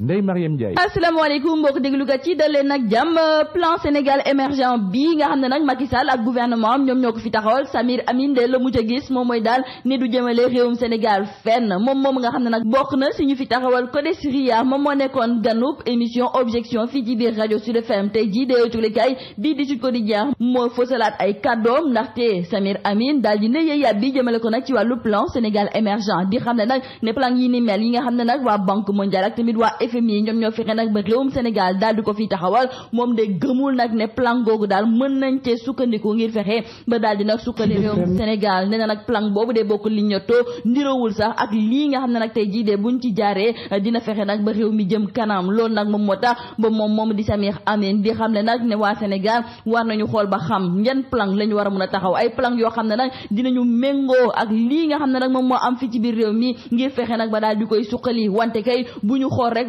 Ndeye Mariam Ndiaye alaykoum mbokk deglu ga ci leen nak jàmm plan Sénégal émergent bi nga xamné nak Macky Sall ak gouvernement ñom ñoko fi taxawal Samir Amin de la mujj gis mom moy dal ni du jëmele réewum Sénégal fenn mom mom nga xamné nak nag bokk na suñu fi taxawal Codes Ria moom moo nekkoon émission objection fi ci biir radio Sud FM tey jii de cuglikaay bi di ci Quotidien mo fësalaat ay kàddoom té Samir Amin dal di ne ya bi jëmele ko nak ci walu plan Sénégal émergent di xamné ne né plan yi ni mel yi nga xamné nak wa Banque mondiale ak tamit wa FMI ñom ñoo fexé nak ba réewum Sénégal dal di ko fi taxawal mom de gëmul nak ne plan gogu dal mën nañ ci sukkandiku ngir fexé ba dal di nak sukkandé réewum Sénégal nee nak plan bobu de bokku li ñëtto ndirowul sax ak li nga xamné ne tay ji dé de buñ ci jaaré dina fexé nak ba réew mi jëm kanam lool nak mom moo ba mom mom di Samir Amin di xamné ne né wa Sénégal war nañu xol ba xam ñen plan lañu wara mëna taxaw ay plan yo xamné nak dinañu mengo ak li nga xamné nak mom mo am fi ci bir réew ngir fexé nak ba dal di koy sukkali wanté kay buñu xor rek rek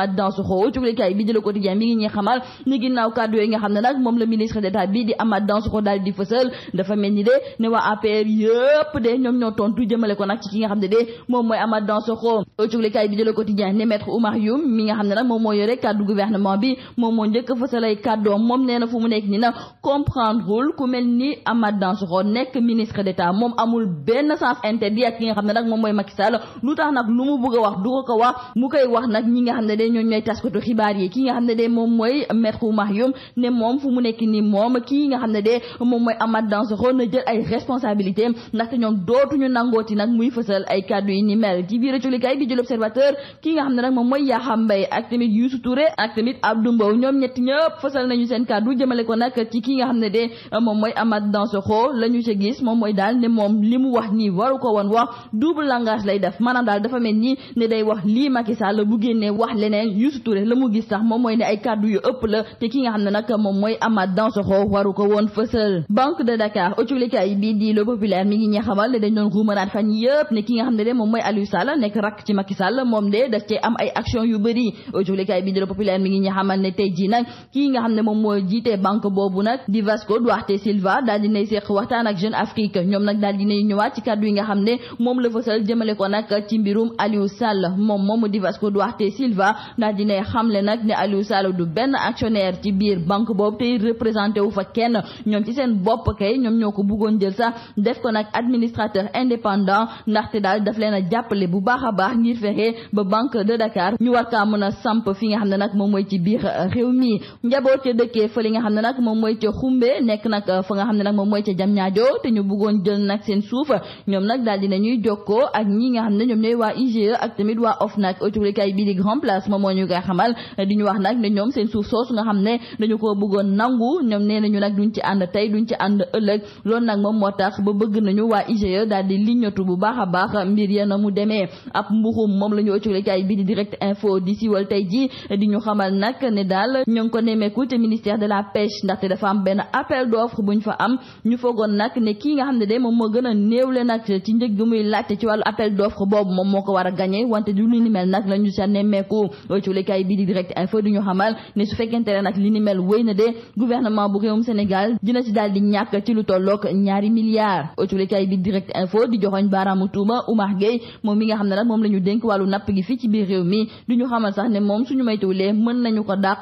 Amath Dansokho cukalikaay bi di Le Quotidien mi ngi ñi xamal ni ginnaw cadeau yi nga xam nak mom le ministre d'état bi di Amath Dansokho dal di fësal dafa melni ni de ne waa APR yépp de ñom ñoo tontu jëmele ko nak ci ki nga xam ne de moom mooy Amath Dansokho cukalikaay bi di Le Quotidien ne maître Oumar Youm mi nga xam nak mom mo yoré cadeau gouvernement bi mom mo njëkk fësalay ay cadeau mom na fu mu nekk ni na comprendre comprendrewul ku melni ni Amath Dansokho nekk ministre d'état mom amul ben sens interdit ak ki nga xam nak mom moy Macky Sall lutax nak nag lu mu bëgg wax du ko ko wax mu koy wax nak ñi nga xam ne de ñooñ ñooy taskatu xibaar yi ki nga xam ne de moom mooy maître Oumar Youm ne moom fu mu nekk nii moom kii nga xam ne de moom mooy Amath Dansokho na jël ay responsabilité ndaxte ñoom dootuñu nangooti nag muy fësal ay kàddu yi ni mel ci biir colikay bi jël observateur ki nga xam ne nag moom mooy Yakham Mbaye ak tamit Youssou Touré ak tamit Abdou Mbow ñoom ñett ñëpp fësal nañu seen kàddu jëmale ko nag ci ki nga xam ne de moom mooy Amath Dansokho la ñu ci gis moom mooy daal ne moom li mu wax nii waru ko woon wax double langage lay def maanaam daal dafa mel ni ne day wax lii Macky Sall bu génnee wax leen leneen Youssou Touré la mu gis sax moom mooy ne ay kàddu yu ëpp la te ki nga xam ne nag moom mooy Amath Dansokho waru ko woon fësal Banque de Dakar autolikaay bii di ay action yu bëri Populaire mi ngi ñe ne tey ji nag kii nga xam ne moom mooy jiite banque boobu nag di Vasco Duarte Silva daal dinay seq waxtaan ak Jeune Afrique ñoom nag daal dinay ñëwaat ci kàddu yi nga xam ne moom la fësal jëmale ko nag ci mbirum Aliou Sall moom moomu di Vasco Duarte Silva daal di ne xamle nag ne Aliou Sall du benn actionnaire ci biir banque boobu tey représenté wu fa kenn ñoom ci seen bopp kay ñoom ñoo ko bëggoon jël sax def ko nag administrateur indépendant ndaxte daal daf leen a jàppale bu baax a baax ngir fexe ba banque de Dakar ñu war kaa mën a samp fi nga xam ne nag moom mooy ci biir réew mi njaboot ca dëkkee fa li nga xam ne nag moom mooy ca xumbe nekk nag fa nga xam ne nag moom mooy ca jamñaajo te ñu bëggoon jël nag seen suuf ñoom nag daal dinañuy jokkoo ak ñi nga xam ne ñoom ñooy waa IGE ak tamit waa OFNAC autolikay bi di grand place moom moo ñu koy xamal di ñu wax nag ne ñoom seen suuf soosu nga xam ne dañu ko bëggoon nangu ñoom nee nañu nag ba bëgg nañu waa IGE daal di a baax mbir bi di direct info ji di ñu xamal ne daal ñoo ngi ko nemmeeku te ministère de la pêche ndaxte dafa am benn appel d'offre buñ fa am ñu foogoon nag ne kii nga xam ne de moom moo gën a néewle nag ci njëg gi muy laajte ci wàllu appel d'offre boobu moom moo ko war a gagné wante du ni mel nag la sa nemmeeku cuulikaay bii di direct info du ñu xamal ne su fekkente ne nag li ni mel wéy na de gouvernement bu réewum Sénégal dina ci daal di ñàkk ci lu tolloog ñaari milliards cuulikaay bi direct info di joxoñ baaraamu tuuma Oumar Gueye moom mi nga xam ne nag moom la ñu dénk wàllu napp gi fii ci biir réew mi du ñu xamal sax ne moom suñu maytuwulee mën nañu ko dàq